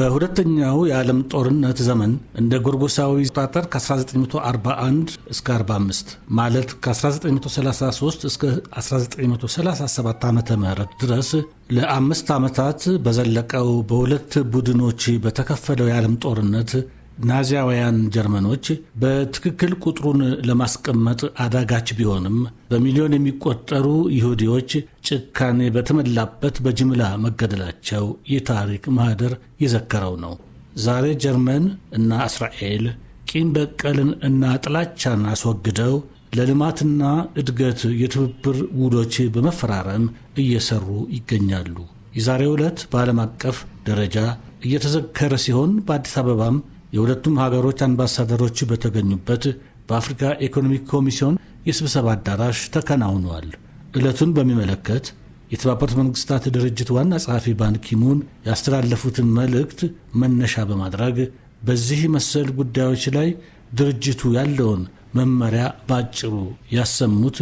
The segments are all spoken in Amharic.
በሁለተኛው የዓለም ጦርነት ዘመን እንደ ጎርጎሳዊ ጣጠር ከ1941 እስከ 45 ማለት ከ1933 እስከ 1937 ዓ ም ድረስ ለአምስት ዓመታት በዘለቀው በሁለት ቡድኖች በተከፈለው የዓለም ጦርነት ናዚያውያን ጀርመኖች በትክክል ቁጥሩን ለማስቀመጥ አዳጋች ቢሆንም በሚሊዮን የሚቆጠሩ ይሁዲዎች ጭካኔ በተሞላበት በጅምላ መገደላቸው የታሪክ ማህደር የዘከረው ነው። ዛሬ ጀርመን እና እስራኤል ቂም በቀልን እና ጥላቻን አስወግደው ለልማትና እድገት የትብብር ውሎች በመፈራረም እየሰሩ ይገኛሉ። የዛሬ ዕለት በዓለም አቀፍ ደረጃ እየተዘከረ ሲሆን በአዲስ አበባም የሁለቱም ሀገሮች አምባሳደሮች በተገኙበት በአፍሪካ ኢኮኖሚክ ኮሚሲዮን የስብሰባ አዳራሽ ተከናውኗል። ዕለቱን በሚመለከት የተባበሩት መንግስታት ድርጅት ዋና ጸሐፊ ባንኪሙን ያስተላለፉትን መልእክት መነሻ በማድረግ በዚህ መሰል ጉዳዮች ላይ ድርጅቱ ያለውን መመሪያ ባጭሩ ያሰሙት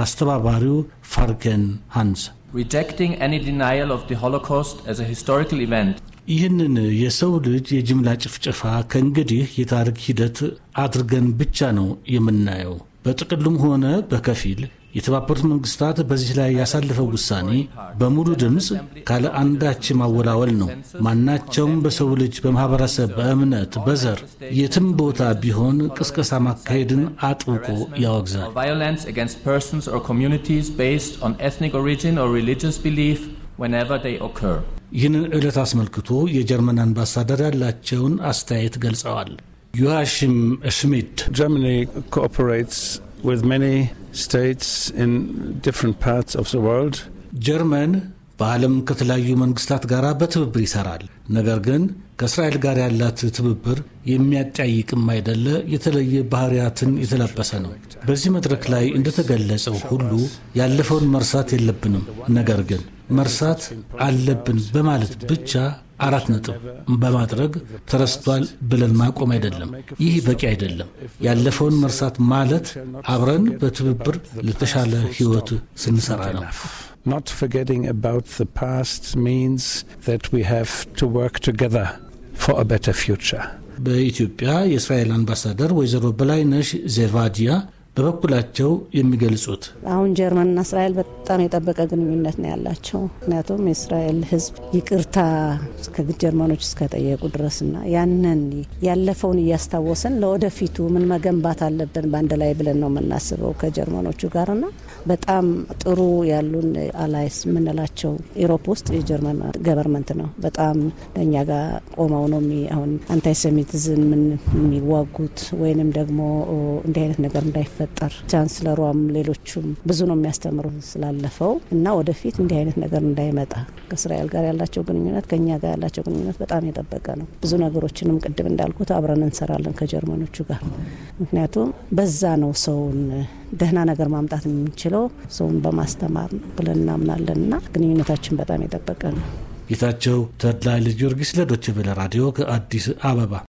አስተባባሪው ፋርገን ሃንስ rejecting any denial of the Holocaust as a historical event. ይህንን የሰው ልጅ የጅምላ ጭፍጨፋ ከእንግዲህ የታሪክ ሂደት አድርገን ብቻ ነው የምናየው። በጥቅሉም ሆነ በከፊል የተባበሩት መንግስታት በዚህ ላይ ያሳለፈው ውሳኔ በሙሉ ድምፅ ካለ አንዳች ማወላወል ነው። ማናቸውም በሰው ልጅ፣ በማህበረሰብ፣ በእምነት፣ በዘር የትም ቦታ ቢሆን ቅስቀሳ ማካሄድን አጥብቆ ያወግዛል። ይህንን ዕለት አስመልክቶ የጀርመን አምባሳደር ያላቸውን አስተያየት ገልጸዋል። ዮሃሽም ሽሚድ states in different parts of the world. ጀርመን በዓለም ከተለያዩ መንግስታት ጋር በትብብር ይሰራል። ነገር ግን ከእስራኤል ጋር ያላት ትብብር የሚያጠያይቅም አይደለ የተለየ ባህሪያትን የተላበሰ ነው። በዚህ መድረክ ላይ እንደተገለጸው ሁሉ ያለፈውን መርሳት የለብንም። ነገር ግን መርሳት አለብን በማለት ብቻ አራት ነጥብ በማድረግ ተረስቷል ብለን ማቆም አይደለም። ይህ በቂ አይደለም። ያለፈውን መርሳት ማለት አብረን በትብብር ለተሻለ ሕይወት ስንሰራ ነው። Not forgetting about the past means that we have to work together for a better future. በኢትዮጵያ የእስራኤል አምባሳደር ወይዘሮ በላይነሽ ዜቫዲያ በበኩላቸው የሚገልጹት አሁን ጀርመንና እስራኤል በጣም የጠበቀ ግንኙነት ነው ያላቸው። ምክንያቱም የእስራኤል ሕዝብ ይቅርታ ከጀርመኖች እስከጠየቁ ድረስና ያንን ያለፈውን እያስታወስን ለወደፊቱ ምን መገንባት አለብን በአንድ ላይ ብለን ነው የምናስበው ከጀርመኖቹ ጋርና በጣም ጥሩ ያሉን አላይስ የምንላቸው ኢሮፕ ውስጥ የጀርመን ገቨርንመንት ነው በጣም ለእኛ ጋር ቆመው ነው አሁን አንታይሴሚቲዝም የሚዋጉት ወይንም ደግሞ እንዲህ አይነት ነገር እንዳይፈ እንዳይፈጠር ቻንስለሯም ሌሎቹም ብዙ ነው የሚያስተምሩ ስላለፈው እና ወደፊት እንዲህ አይነት ነገር እንዳይመጣ ከእስራኤል ጋር ያላቸው ግንኙነት ከእኛ ጋር ያላቸው ግንኙነት በጣም የጠበቀ ነው። ብዙ ነገሮችንም ቅድም እንዳልኩት አብረን እንሰራለን ከጀርመኖቹ ጋር ምክንያቱም በዛ ነው ሰውን ደህና ነገር ማምጣት የምንችለው ሰውን በማስተማር ብለን እናምናለን እና ግንኙነታችን በጣም የጠበቀ ነው። ጌታቸው ተድላ ልጅ ጊዮርጊስ ለዶይቼ ቬለ ራዲዮ ከአዲስ አበባ